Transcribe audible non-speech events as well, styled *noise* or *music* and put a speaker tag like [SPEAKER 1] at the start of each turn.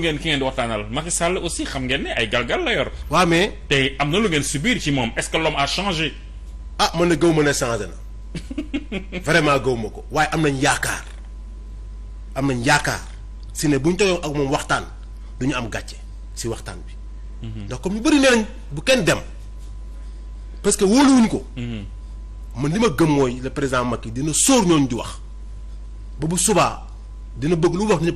[SPEAKER 1] ngeen ki ngeen di waxtaanal Macky Sall aussi xam ngeen ne ay galgal la yor. waaw mais. te am na lu ngeen subir ci
[SPEAKER 2] moom est-ce que l'homme a changé. ah man na gëw ma ne changé na *laughs* vraiment gëw ma ko waaye am nañ yaakaar am nañ yaakaar si ne bu ñu toogee ak moom waxtaan du ñu am gàcce si waxtaan bi. Mhm. ndax comme ñu bëri nee bu kenn dem parce que wóoluwuñ ko. Mhm. man li ma gëm mooy le ma Macky dina sóor ñooñu di wax ba bu subaa dina bëgg lu wax